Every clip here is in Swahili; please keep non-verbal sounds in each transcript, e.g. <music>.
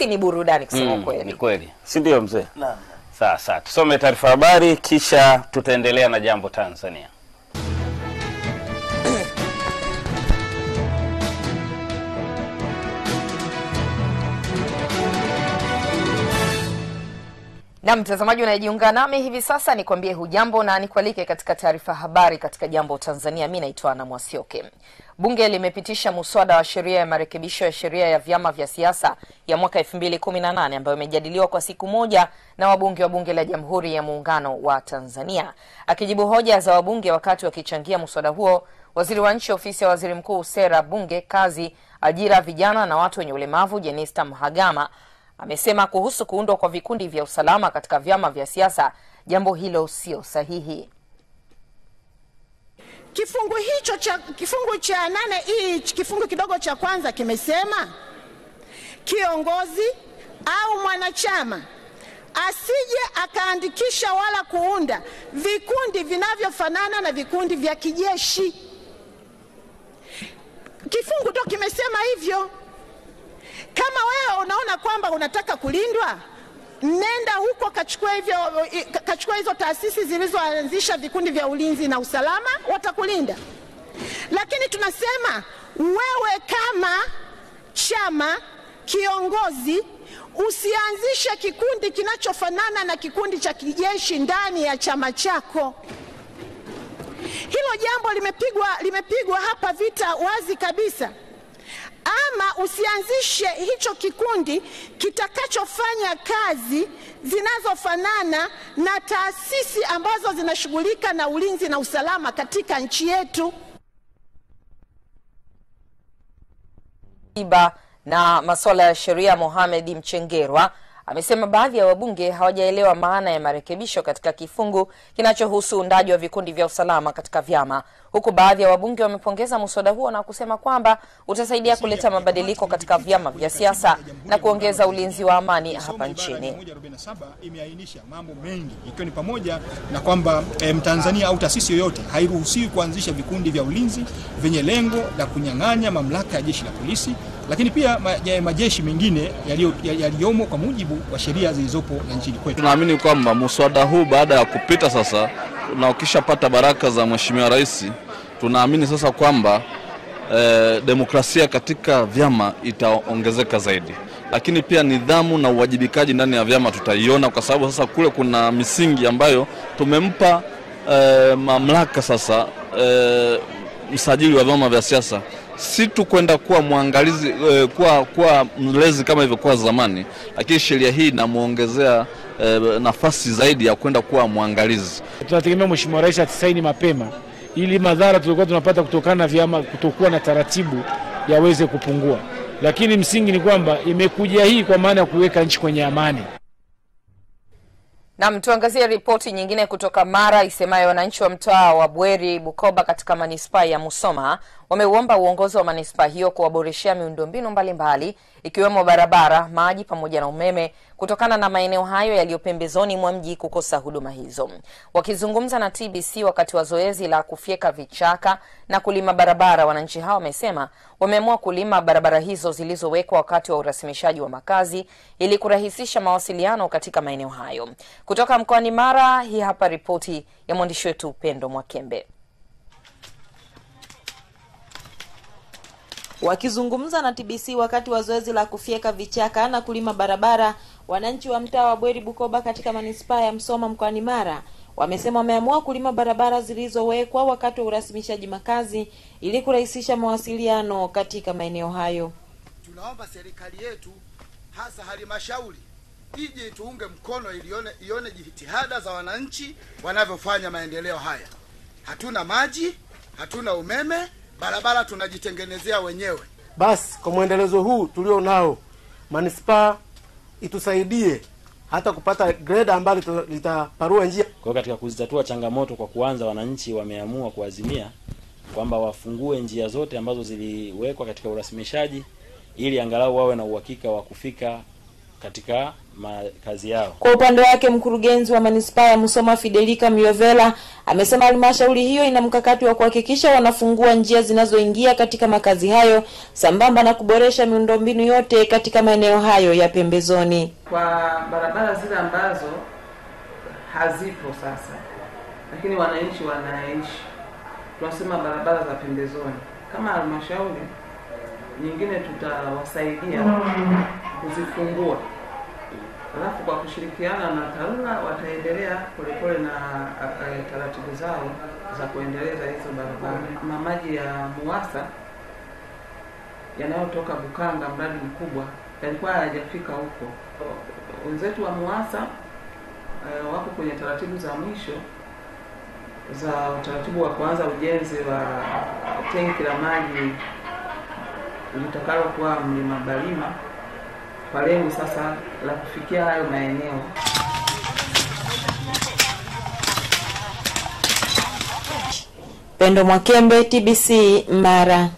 si ni burudani kusema mm, kweli. Ni kweli, si ndio mzee? Naam. Sasa tusome taarifa habari, kisha tutaendelea na jambo Tanzania. Na mtazamaji unayejiunga nami hivi sasa, nikwambie hujambo na nikualike katika taarifa habari katika Jambo Tanzania. Mi naitwa Ana Mwasioke. Bunge limepitisha muswada wa sheria ya marekebisho ya sheria ya vyama vya siasa ya mwaka 2018 ambayo imejadiliwa kwa siku moja na wabunge wa Bunge la Jamhuri ya Muungano wa Tanzania. Akijibu hoja za wabunge wakati wakichangia muswada huo, waziri wa nchi ofisi ya waziri mkuu, sera, bunge, kazi, ajira, vijana na watu wenye ulemavu, Jenista Mhagama amesema kuhusu kuundwa kwa vikundi vya usalama katika vyama vya siasa, jambo hilo sio sahihi. Kifungu hicho cha kifungu cha nane hii kifungu kidogo cha kwanza kimesema kiongozi au mwanachama asije akaandikisha wala kuunda vikundi vinavyofanana na vikundi vya kijeshi. Kifungu to kimesema hivyo. Kama wewe unaona kwamba unataka kulindwa, nenda huko kachukua hivyo, kachukua hizo taasisi zilizoanzisha vikundi vya ulinzi na usalama, watakulinda. Lakini tunasema wewe kama chama kiongozi usianzishe kikundi kinachofanana na kikundi cha kijeshi ndani ya chama chako. Hilo jambo limepigwa, limepigwa hapa vita wazi kabisa ama usianzishe hicho kikundi kitakachofanya kazi zinazofanana na taasisi ambazo zinashughulika na ulinzi na usalama katika nchi yetu. Iba na masuala ya sheria Mohamed Mchengerwa amesema baadhi ya wabunge hawajaelewa maana ya marekebisho katika kifungu kinachohusu undaji wa vikundi vya usalama katika vyama, huku baadhi ya wabunge wamepongeza mswada huo na kusema kwamba utasaidia kuleta mabadiliko katika vyama vya siasa na kuongeza ulinzi wa amani hapa nchini. Imeainisha mambo mengi ikiwa ni pamoja na kwamba eh, Mtanzania au taasisi yoyote hairuhusiwi kuanzisha vikundi vya ulinzi vyenye lengo la kunyang'anya mamlaka ya jeshi la polisi lakini pia majeshi mengine yaliyomo kwa mujibu wa sheria zilizopo za nchini kwetu. Tunaamini kwamba muswada huu baada ya kupita sasa na ukishapata baraka za Mheshimiwa Rais, tunaamini sasa kwamba eh, demokrasia katika vyama itaongezeka zaidi, lakini pia nidhamu na uwajibikaji ndani ya vyama tutaiona, kwa sababu sasa kule kuna misingi ambayo tumempa eh, mamlaka sasa eh, msajili wa vyama vya siasa si tu kwenda kuwa mwangalizi eh, kuwa, kuwa mlezi kama ilivyokuwa zamani, lakini sheria hii inamwongezea eh, nafasi zaidi ya kwenda kuwa mwangalizi. Tunategemea Mheshimiwa Rais atisaini mapema ili madhara tulikuwa tunapata kutokana na vyama kutokuwa na taratibu yaweze kupungua, lakini msingi ni kwamba imekuja hii kwa maana ya kuweka nchi kwenye amani. Nam, tuangazie ripoti nyingine kutoka Mara isemayo wananchi wa mtaa wa Bweri Bukoba katika manispaa ya Musoma wameuomba uongozi wa manispaa hiyo kuwaboreshea miundombinu mbalimbali ikiwemo barabara, maji pamoja na umeme kutokana na maeneo hayo yaliyo pembezoni mwa mji kukosa huduma hizo. Wakizungumza na TBC wakati wa zoezi la kufyeka vichaka na kulima barabara, wananchi hao wamesema wameamua kulima barabara hizo zilizowekwa wakati wa urasimishaji wa makazi ili kurahisisha mawasiliano katika maeneo hayo. Kutoka mkoani Mara, hii hapa ripoti ya mwandishi wetu Pendo Mwakembe. Wakizungumza na TBC wakati wa zoezi la kufyeka vichaka na kulima barabara, wananchi wa mtaa wa Bweri Bukoba katika manispaa ya Msoma mkoani Mara wamesema wameamua kulima barabara zilizowekwa wakati wa urasimishaji makazi ili kurahisisha mawasiliano katika maeneo hayo. Tunaomba serikali yetu hasa halmashauri ije tuunge mkono ilione, ione jitihada za wananchi wanavyofanya maendeleo haya. Hatuna maji, hatuna umeme barabara tunajitengenezea wenyewe. Basi kwa mwendelezo huu tulio nao, manispaa itusaidie hata kupata greda ambalo litaparua njia. Kwa hiyo katika kuzitatua changamoto, kwa kuanza, wananchi wameamua kuazimia kwamba wafungue njia zote ambazo ziliwekwa katika urasimishaji ili angalau wawe na uhakika wa kufika katika makazi yao. Kwa upande wake, mkurugenzi wa manispaa ya Musoma Fidelika Myovela amesema halmashauri hiyo ina mkakati wa kuhakikisha wanafungua njia zinazoingia katika makazi hayo sambamba na kuboresha miundombinu yote katika maeneo hayo ya pembezoni. Kwa barabara zile ambazo hazipo sasa, lakini wananchi wanaishi, tunasema barabara za pembezoni, kama halmashauri nyingine tutawasaidia kuzifungua Alafu kwa kushirikiana na TARURA wataendelea polepole na uh, taratibu zao za kuendeleza hizo barabara. Maji ya MUWASA yanayotoka Bukanga, mradi mkubwa, yalikuwa hayajafika huko. Wenzetu wa MUWASA uh, wako kwenye taratibu za mwisho za utaratibu wa kuanza ujenzi wa tenki la maji litakalokuwa mlima Balima kwa lengo sasa la kufikia hayo maeneo. Pendo Mwakembe, TBC Mara.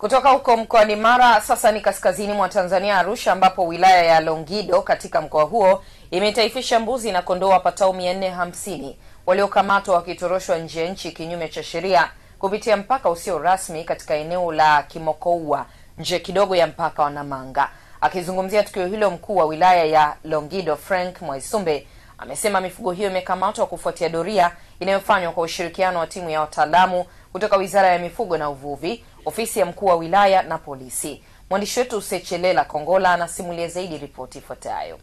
Kutoka huko mkoani Mara sasa ni kaskazini mwa Tanzania, Arusha, ambapo wilaya ya Longido katika mkoa huo imetaifisha mbuzi na kondoo wapatao 450 waliokamatwa wakitoroshwa nje ya nchi kinyume cha sheria kupitia mpaka usio rasmi katika eneo la Kimokoua nje kidogo ya mpaka wa Namanga. Akizungumzia tukio hilo, mkuu wa wilaya ya Longido Frank Mwaisumbe amesema mifugo hiyo imekamatwa kufuatia doria inayofanywa kwa ushirikiano wa timu ya wataalamu kutoka Wizara ya Mifugo na Uvuvi, ofisi ya mkuu wa wilaya na polisi. Mwandishi wetu Sechelela Kongola anasimulia zaidi ripoti ifuatayo.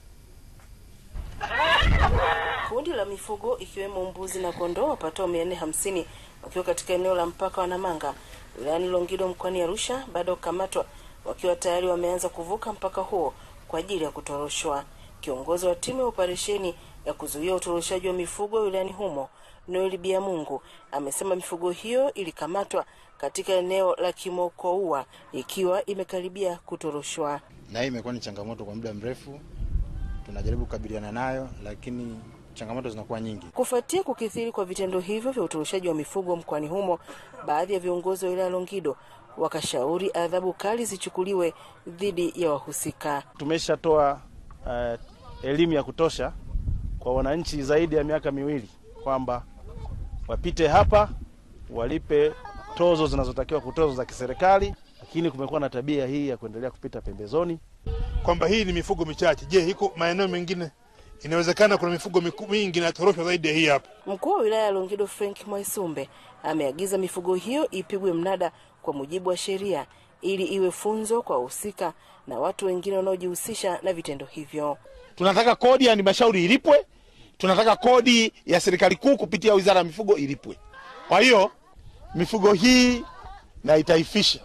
Kundi la mifugo ikiwemo mbuzi na kondoo wapatao mia nne hamsini wakiwa katika eneo la mpaka wa Namanga wilayani Longido mkoani Arusha baada ya kukamatwa wakiwa tayari wameanza kuvuka mpaka huo kwa ajili ya kutoroshwa. Kiongozi wa timu ya operesheni ya kuzuia utoroshaji wa mifugo wilayani humo Noel Biamungu amesema mifugo hiyo ilikamatwa katika eneo la Kimokoua ikiwa imekaribia kutoroshwa. Na hii imekuwa ni changamoto kwa muda mrefu, tunajaribu kukabiliana nayo, lakini changamoto zinakuwa nyingi. Kufuatia kukithiri kwa vitendo hivyo vya utoroshaji wa mifugo mkoani humo, baadhi ya viongozi wa wilaya Longido wakashauri adhabu kali zichukuliwe dhidi ya wahusika. Tumeshatoa uh, elimu ya kutosha kwa wananchi zaidi ya miaka miwili kwamba wapite hapa walipe tozo zinazotakiwa kutozo za kiserikali, lakini kumekuwa na tabia hii ya kuendelea kupita pembezoni, kwamba hii ni mifugo michache. Je, iko maeneo mengine Inawezekana kuna mifugo mingi inatoroshwa zaidi ya hii hapa. Mkuu wa wilaya ya Longido Frank Mwaisumbe ameagiza mifugo hiyo ipigwe mnada kwa mujibu wa sheria ili iwe funzo kwa wahusika na watu wengine wanaojihusisha na vitendo hivyo. Tunataka kodi ya halmashauri ilipwe, tunataka kodi ya serikali kuu kupitia wizara ya mifugo ilipwe. Kwa hiyo mifugo hii na itaifisha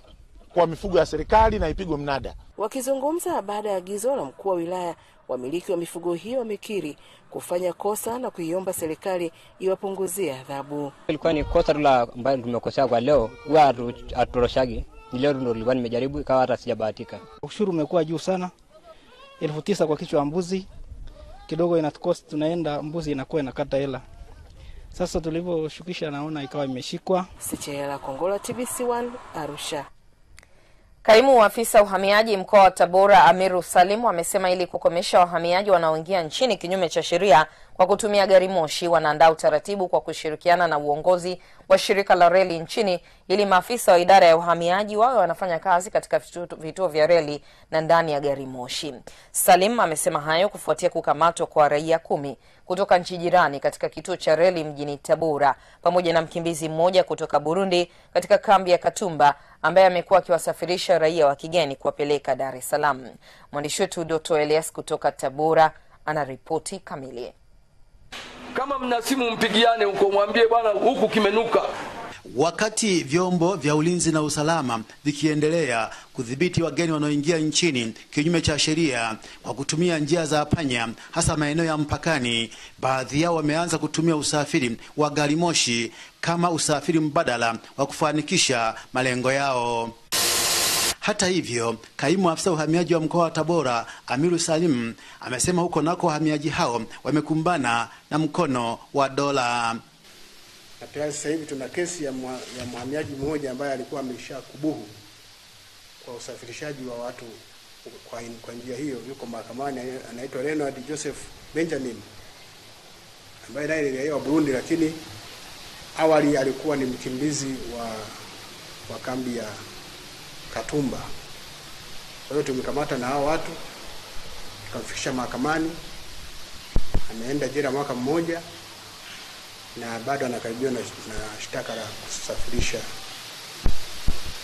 kwa mifugo ya serikali na ipigwe mnada. Wakizungumza baada ya agizo la mkuu wa wilaya wamiliki wa mifugo hiyo wamekiri kufanya kosa na kuiomba serikali iwapunguzie adhabu. Ilikuwa ni kosa tu la ambayo tumekosea kwa leo, huwa hatutoroshagi. Leo ndo nilikuwa nimejaribu, ikawa hata sijabahatika. Ushuru umekuwa juu sana, elfu tisa kwa kichwa mbuzi kidogo inakosi, tunaenda mbuzi inakuwa inakata hela sasa tulivyoshukisha naona ikawa imeshikwa. Sichela Kongola, TBC1 Arusha. Kaimu afisa uhamiaji mkoa wa Tabora Amiru Salim amesema ili kukomesha wahamiaji wanaoingia nchini kinyume cha sheria kwa kutumia gari moshi wanaandaa utaratibu kwa kushirikiana na uongozi wa shirika la reli nchini ili maafisa wa idara ya uhamiaji wawe wanafanya kazi katika vituo vya reli na ndani ya gari moshi. Salim amesema hayo kufuatia kukamatwa kwa raia kumi kutoka nchi jirani katika kituo cha reli mjini Tabora pamoja na mkimbizi mmoja kutoka Burundi katika kambi ya Katumba ambaye amekuwa akiwasafirisha raia wa kigeni kuwapeleka Dar es Salaam. Mwandishi wetu Doto Elias kutoka Tabora anaripoti kamili kama mna simu mpigiane huko, mwambie bwana, huku kimenuka. Wakati vyombo vya ulinzi na usalama vikiendelea kudhibiti wageni wanaoingia nchini kinyume cha sheria kwa kutumia njia za panya, hasa maeneo ya mpakani, baadhi yao wameanza kutumia usafiri wa gari moshi kama usafiri mbadala wa kufanikisha malengo yao. Hata hivyo, kaimu afisa uhamiaji wa mkoa wa Tabora Amiru Salim amesema huko nako wahamiaji hao wamekumbana na mkono wa dola. Na tayari sasa hivi tuna kesi ya, ya mhamiaji mmoja ambaye alikuwa ameshakubuhu kwa usafirishaji wa watu kwa, in, kwa njia hiyo, yuko mahakamani, anaitwa Leonard Joseph Benjamin ambaye naye ni raia wa Burundi, lakini awali alikuwa ni mkimbizi wa, wa kambi ya Katumba. Kwa hiyo tumekamata na hao watu tukamfikisha mahakamani, ameenda jela mwaka mmoja na bado anakaribiwa na, na shtaka la kusafirisha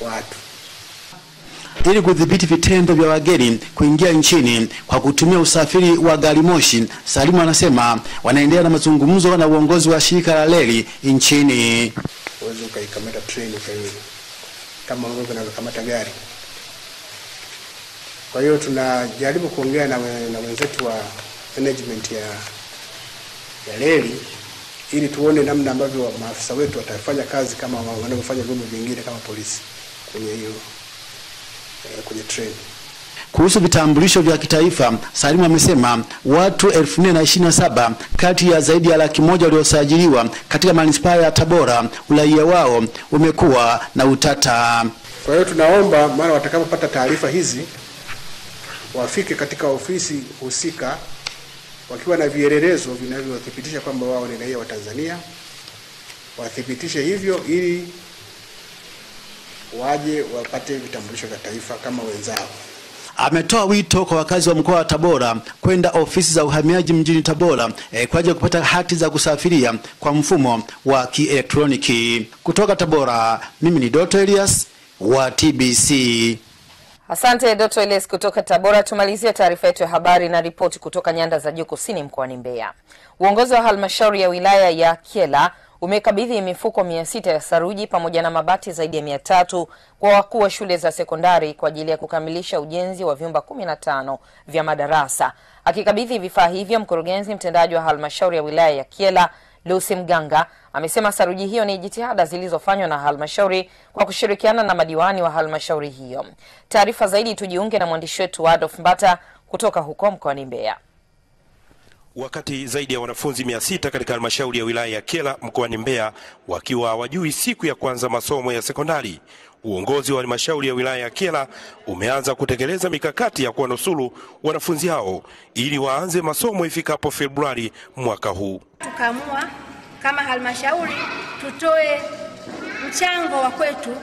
watu ili kudhibiti vitendo vya wageni kuingia nchini kwa kutumia usafiri wa gari moshi. Salimu anasema wanaendelea na mazungumzo na uongozi wa shirika la reli nchini. Uweze ukaikamata treni kamili kama ambavyo inavyokamata gari. Kwa hiyo tunajaribu kuongea na, na wenzetu wa management ya ya reli ili tuone namna ambavyo maafisa wetu watafanya kazi kama wanavyofanya vyombo vingine kama polisi kwenye hiyo eh, kwenye treni. Kuhusu vitambulisho vya kitaifa, Salimu amesema watu 1427 kati ya zaidi ya laki moja waliosajiliwa katika manispaa ya Tabora, uraia wao umekuwa na utata. Kwa hiyo tunaomba mara watakapopata taarifa hizi wafike katika ofisi husika wakiwa na vielelezo vinavyothibitisha kwamba wao ni raia wa Tanzania, wathibitishe hivyo ili waje wapate vitambulisho vya taifa kama wenzao ametoa wito kwa wakazi wa mkoa wa Tabora kwenda ofisi za uhamiaji mjini Tabora e, kwa ajili ya kupata hati za kusafiria kwa mfumo wa kielektroniki. Kutoka Tabora, mimi ni Doto Elias wa TBC. Asante Doto Elias kutoka Tabora. Tumalizie taarifa yetu ya habari na ripoti kutoka nyanda za juu kusini mkoani Mbeya. Uongozi wa halmashauri ya wilaya ya Kyela umekabidhi mifuko mia sita ya saruji pamoja na mabati zaidi ya mia tatu kwa wakuu wa shule za sekondari kwa ajili ya kukamilisha ujenzi wa vyumba kumi na tano vya madarasa. Akikabidhi vifaa hivyo, mkurugenzi mtendaji wa halmashauri ya wilaya ya Kyela Lucy Mganga amesema saruji hiyo ni jitihada zilizofanywa na halmashauri kwa kushirikiana na madiwani wa halmashauri hiyo. Taarifa zaidi tujiunge na mwandishi wetu Adolf Mbata kutoka huko mkoani Mbeya. Wakati zaidi ya wanafunzi mia sita katika halmashauri ya wilaya ya Kyela mkoani Mbeya wakiwa hawajui siku ya kwanza masomo ya sekondari, uongozi wa halmashauri ya wilaya ya Kyela umeanza kutekeleza mikakati ya kuwanusuru wanafunzi hao ili waanze masomo ifikapo Februari mwaka huu. Tukaamua kama halmashauri tutoe mchango wa kwetu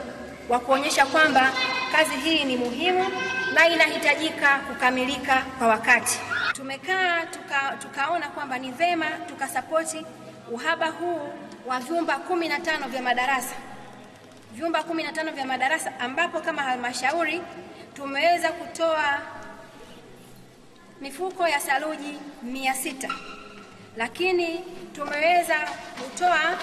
wa kuonyesha kwamba kazi hii ni muhimu na inahitajika kukamilika kwa wakati. Tumekaa tuka, tukaona kwamba ni vema tukasapoti uhaba huu wa vyumba kumi na tano vya madarasa vyumba kumi na tano vya madarasa ambapo kama halmashauri tumeweza kutoa mifuko ya saruji mia sita lakini tumeweza kutoa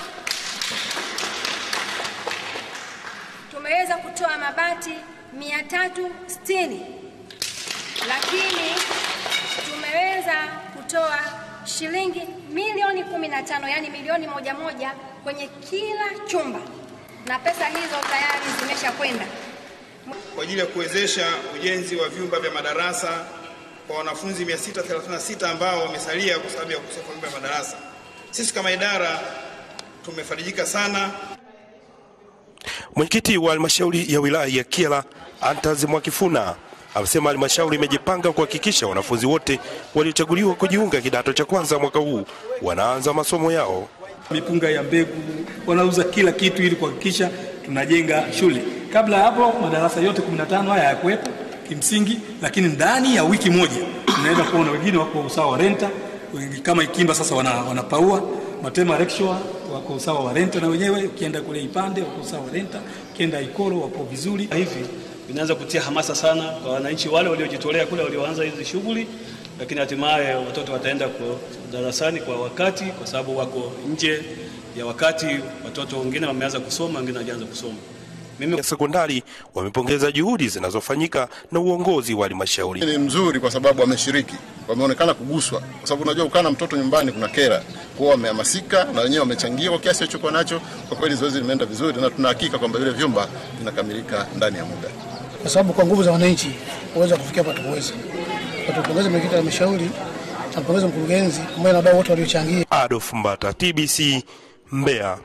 tumeweza kutoa mabati 360 lakini tumeweza kutoa shilingi milioni 15 yani milioni moja moja kwenye kila chumba na pesa hizo tayari zimeshakwenda kwa ajili ya kuwezesha ujenzi wa vyumba vya madarasa kwa wanafunzi 636 ambao wamesalia kwa sababu ya kukosa vyumba vya madarasa. Sisi kama idara tumefarijika sana. Mwenyekiti wa halmashauri ya wilaya ya Kyela Antas Mwakifuna amesema halmashauri imejipanga kuhakikisha wanafunzi wote waliochaguliwa kujiunga kidato cha kwanza mwaka huu wanaanza masomo yao. Mipunga ya mbegu, wanauza kila kitu ili kuhakikisha tunajenga shule. Kabla ya hapo madarasa yote 15 haya hayakuwepo kimsingi, lakini ndani ya wiki moja tunaweza kuona wengine wako usawa renta, kama Ikimba sasa wana, wanapaua Matema lecturer wako sawa Warenta na wenyewe, ukienda kule Ipande wako sawa Warenta, ukienda Ikoro wako vizuri. Hivi vinaanza kutia hamasa sana kwa wananchi wale waliojitolea kule, walioanza hizi shughuli, lakini hatimaye watoto wataenda kwa darasani kwa wakati, kwa sababu wako nje ya wakati. Watoto wengine wameanza kusoma, wengine hawajaanza kusoma mimi ya sekondari wamepongeza juhudi zinazofanyika na uongozi wa halmashauri. Ni mzuri kwa sababu wameshiriki, wameonekana kuguswa, kwa sababu unajua ukana mtoto nyumbani kuna kera kuwa wamehamasika na wenyewe wamechangia kwa kiasi chochote nacho. Kwa kweli zoezi limeenda vizuri, na tunahakika kwamba vile vyumba vinakamilika ndani ya muda, kwa sababu kwa nguvu za wananchi waweza kufikia patukuweza. Tupongeze mwenyekiti wa halmashauri, tumpongeze mkurugenzi pamoja na wadau wote waliochangia. Adolf Mbata, TBC, Mbeya.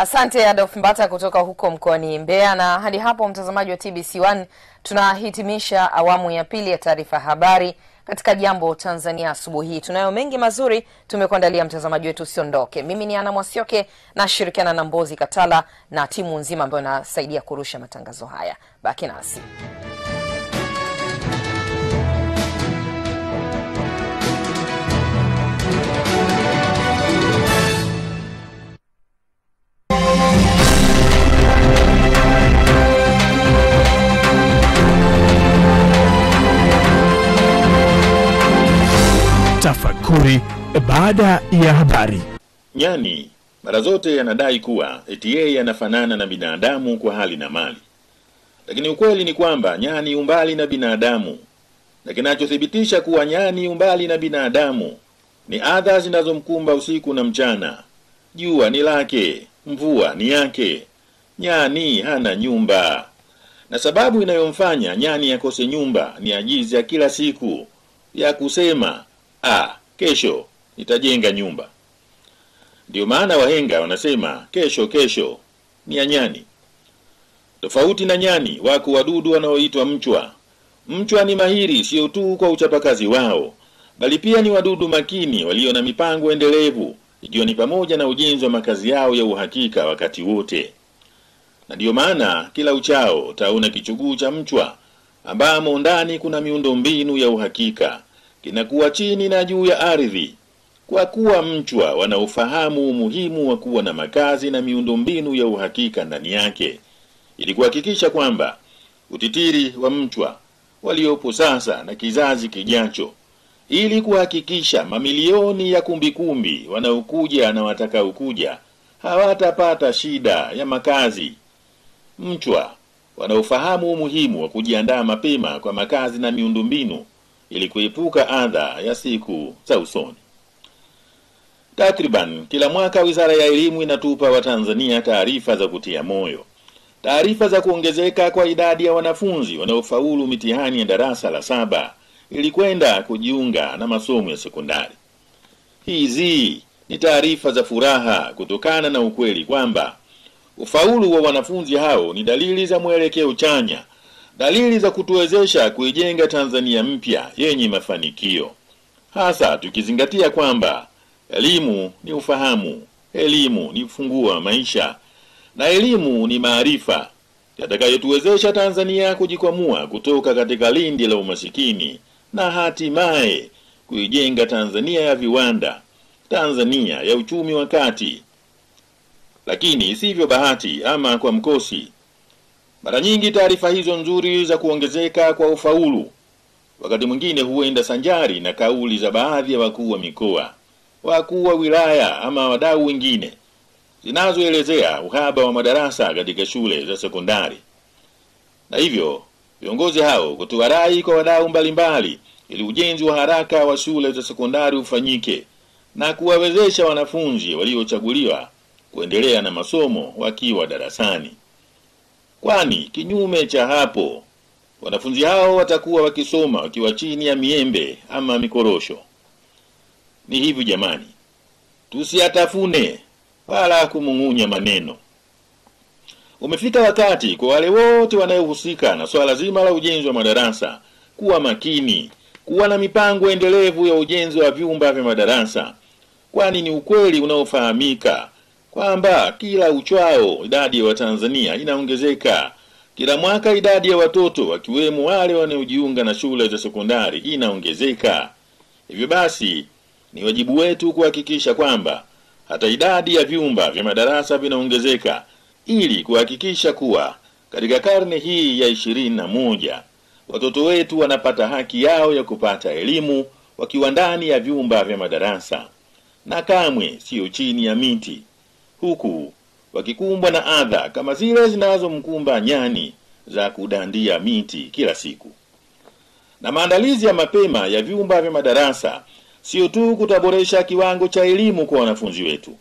Asante Adolf Mbata kutoka huko mkoani Mbeya. Na hadi hapo, mtazamaji wa TBC1, tunahitimisha awamu ya pili ya taarifa habari katika Jambo Tanzania asubuhi hii. Tunayo mengi mazuri tumekuandalia mtazamaji wetu, usiondoke. Mimi ni Ana Mwasioke, nashirikiana na Mbozi Katala na timu nzima ambayo inasaidia kurusha matangazo haya. Baki nasi. Tafakuri baada ya habari. Nyani mara zote yanadai kuwa eti yeye yanafanana na binadamu kwa hali na mali, lakini ukweli ni kwamba nyani umbali na binadamu, na kinachothibitisha kuwa nyani umbali na binadamu ni adha zinazomkumba usiku na mchana. Jua ni lake, mvua ni yake. Nyani hana nyumba, na sababu inayomfanya nyani akose nyumba ni ajizi ya kila siku ya kusema ah, kesho nitajenga nyumba. ndio maana wahenga wanasema kesho kesho ni anyani. Tofauti na nyani, wako wadudu wanaoitwa mchwa. Mchwa ni mahiri sio tu kwa uchapakazi wao, bali pia ni wadudu makini walio na mipango endelevu, ikiwa ni pamoja na ujenzi wa makazi yao ya uhakika wakati wote. Na ndiyo maana kila uchao utaona kichuguu cha mchwa ambamo ndani kuna miundo mbinu ya uhakika kinakuwa chini na juu ya ardhi. Kwa kuwa mchwa wanaofahamu umuhimu wa kuwa na makazi na miundombinu ya uhakika ndani yake, ili kuhakikisha kwamba utitiri wa mchwa waliopo sasa na kizazi kijacho, ili kuhakikisha mamilioni ya kumbikumbi wanaokuja na watakaokuja hawatapata shida ya makazi. Mchwa wanaofahamu umuhimu wa kujiandaa mapema kwa makazi na miundombinu ili kuepuka adha ya siku za usoni. Takriban kila mwaka Wizara ya Elimu inatupa Watanzania taarifa za kutia moyo, taarifa za kuongezeka kwa idadi ya wanafunzi wanaofaulu mitihani ya darasa la saba ili kwenda kujiunga na masomo ya sekondari. Hizi ni taarifa za furaha kutokana na ukweli kwamba ufaulu wa wanafunzi hao ni dalili za mwelekeo chanya dalili za kutuwezesha kuijenga Tanzania mpya yenye mafanikio, hasa tukizingatia kwamba elimu ni ufahamu, elimu ni ufunguo wa maisha na elimu ni maarifa yatakayotuwezesha Tanzania kujikwamua kutoka katika lindi la umasikini na hatimaye kuijenga Tanzania ya viwanda, Tanzania ya uchumi wa kati. Lakini isivyo bahati ama kwa mkosi mara nyingi taarifa hizo nzuri za kuongezeka kwa ufaulu wakati mwingine huenda sanjari na kauli za baadhi ya wakuu wa mikoa, wakuu wa wilaya ama wadau wengine zinazoelezea uhaba wa madarasa katika shule za sekondari, na hivyo viongozi hao kutoa rai kwa wadau mbalimbali ili ujenzi wa haraka wa shule za sekondari ufanyike na kuwawezesha wanafunzi waliochaguliwa kuendelea na masomo wakiwa darasani. Kwani kinyume cha hapo wanafunzi hao watakuwa wakisoma wakiwa chini ya miembe ama mikorosho. Ni hivi jamani, tusiatafune wala kumung'unya maneno. Umefika wakati kwa wale wote wanayohusika na swala zima la ujenzi wa madarasa kuwa makini, kuwa na mipango endelevu ya ujenzi wa vyumba vya madarasa, kwani ni ukweli unaofahamika kwamba kila uchwao idadi ya Watanzania inaongezeka. Kila mwaka idadi ya watoto wakiwemo wale wanaojiunga na shule za sekondari inaongezeka. Hivyo basi ni wajibu wetu kuhakikisha kwamba hata idadi ya vyumba vya madarasa vinaongezeka ili kuhakikisha kuwa katika karne hii ya ishirini na moja watoto wetu wanapata haki yao ya kupata elimu wakiwa ndani ya vyumba vya madarasa na kamwe siyo chini ya miti huku wakikumbwa na adha kama zile zinazomkumba nyani za kudandia miti kila siku. Na maandalizi ya mapema ya vyumba vya madarasa sio tu kutaboresha kiwango cha elimu kwa wanafunzi wetu,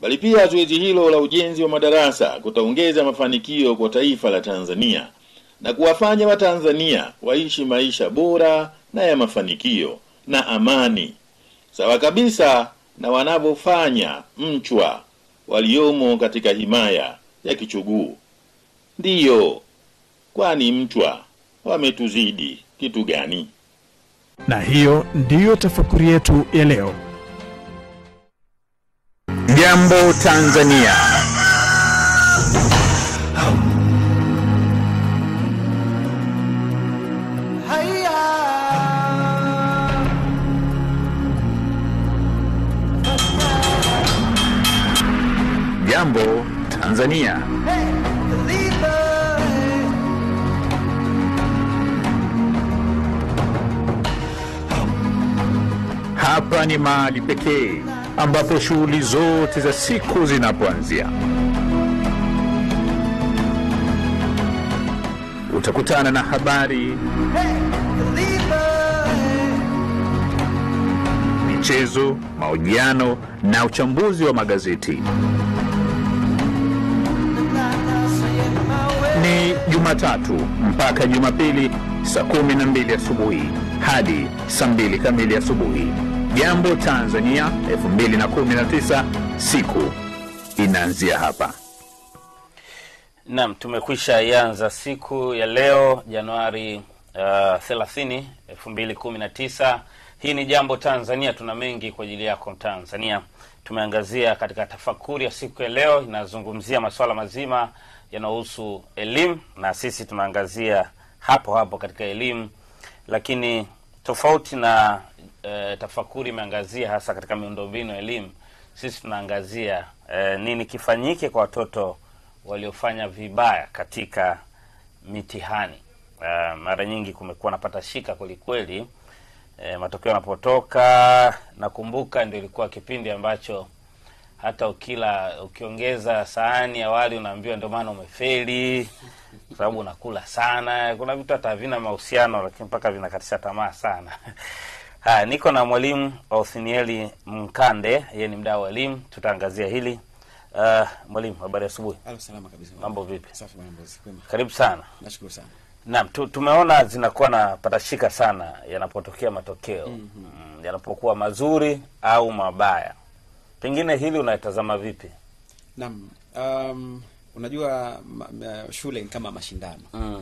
bali pia zoezi hilo la ujenzi wa madarasa kutaongeza mafanikio kwa taifa la Tanzania na kuwafanya Watanzania waishi maisha bora na ya mafanikio na amani, sawa kabisa na wanavyofanya mchwa waliomo katika himaya ya kichuguu. Ndiyo, kwani mchwa wametuzidi kitu gani? Na hiyo ndiyo tafakuri yetu ya leo. Jambo Tanzania. Jambo Tanzania. Hapa ni mahali pekee ambapo shughuli zote za siku zinapoanzia. Utakutana na habari, michezo, mahojiano na uchambuzi wa magazeti. Jumatatu mpaka Jumapili saa 12 asubuhi hadi saa 2 kamili asubuhi. Jambo Tanzania 2019 siku inaanzia hapa. Naam, tumekwisha yanza siku ya leo Januari uh, 30, 2019. Hii ni Jambo Tanzania, tuna mengi kwa ajili yako Tanzania. Tumeangazia katika tafakuri ya siku ya leo, inazungumzia masuala mazima yanahusu elimu, na sisi tunaangazia hapo hapo katika elimu, lakini tofauti na e, tafakuri imeangazia hasa katika miundombinu ya elimu, sisi tunaangazia e, nini kifanyike kwa watoto waliofanya vibaya katika mitihani. E, mara nyingi kumekuwa napata shika kwelikweli, e, matokeo yanapotoka. Nakumbuka ndio ilikuwa kipindi ambacho hata ukila ukiongeza sahani ya wali unaambiwa ndio maana umefeli, kwa sababu unakula sana. Kuna vitu hata havina mahusiano, lakini mpaka vinakatisha tamaa sana. <laughs> ha, niko na mwalimu Othnieli Mkande, yeye ni mdaa wa elimu, tutaangazia hili. Uh, mwalimu, habari asubuhi. Mambo vipi? Karibu sana. sana. Naam, tu, tumeona zinakuwa na patashika sana yanapotokea matokeo mhm. mm -hmm. yanapokuwa mazuri au mabaya Pengine hili unatazama vipi? Naam, um, unajua ma, ma, shule ni kama mashindano mm.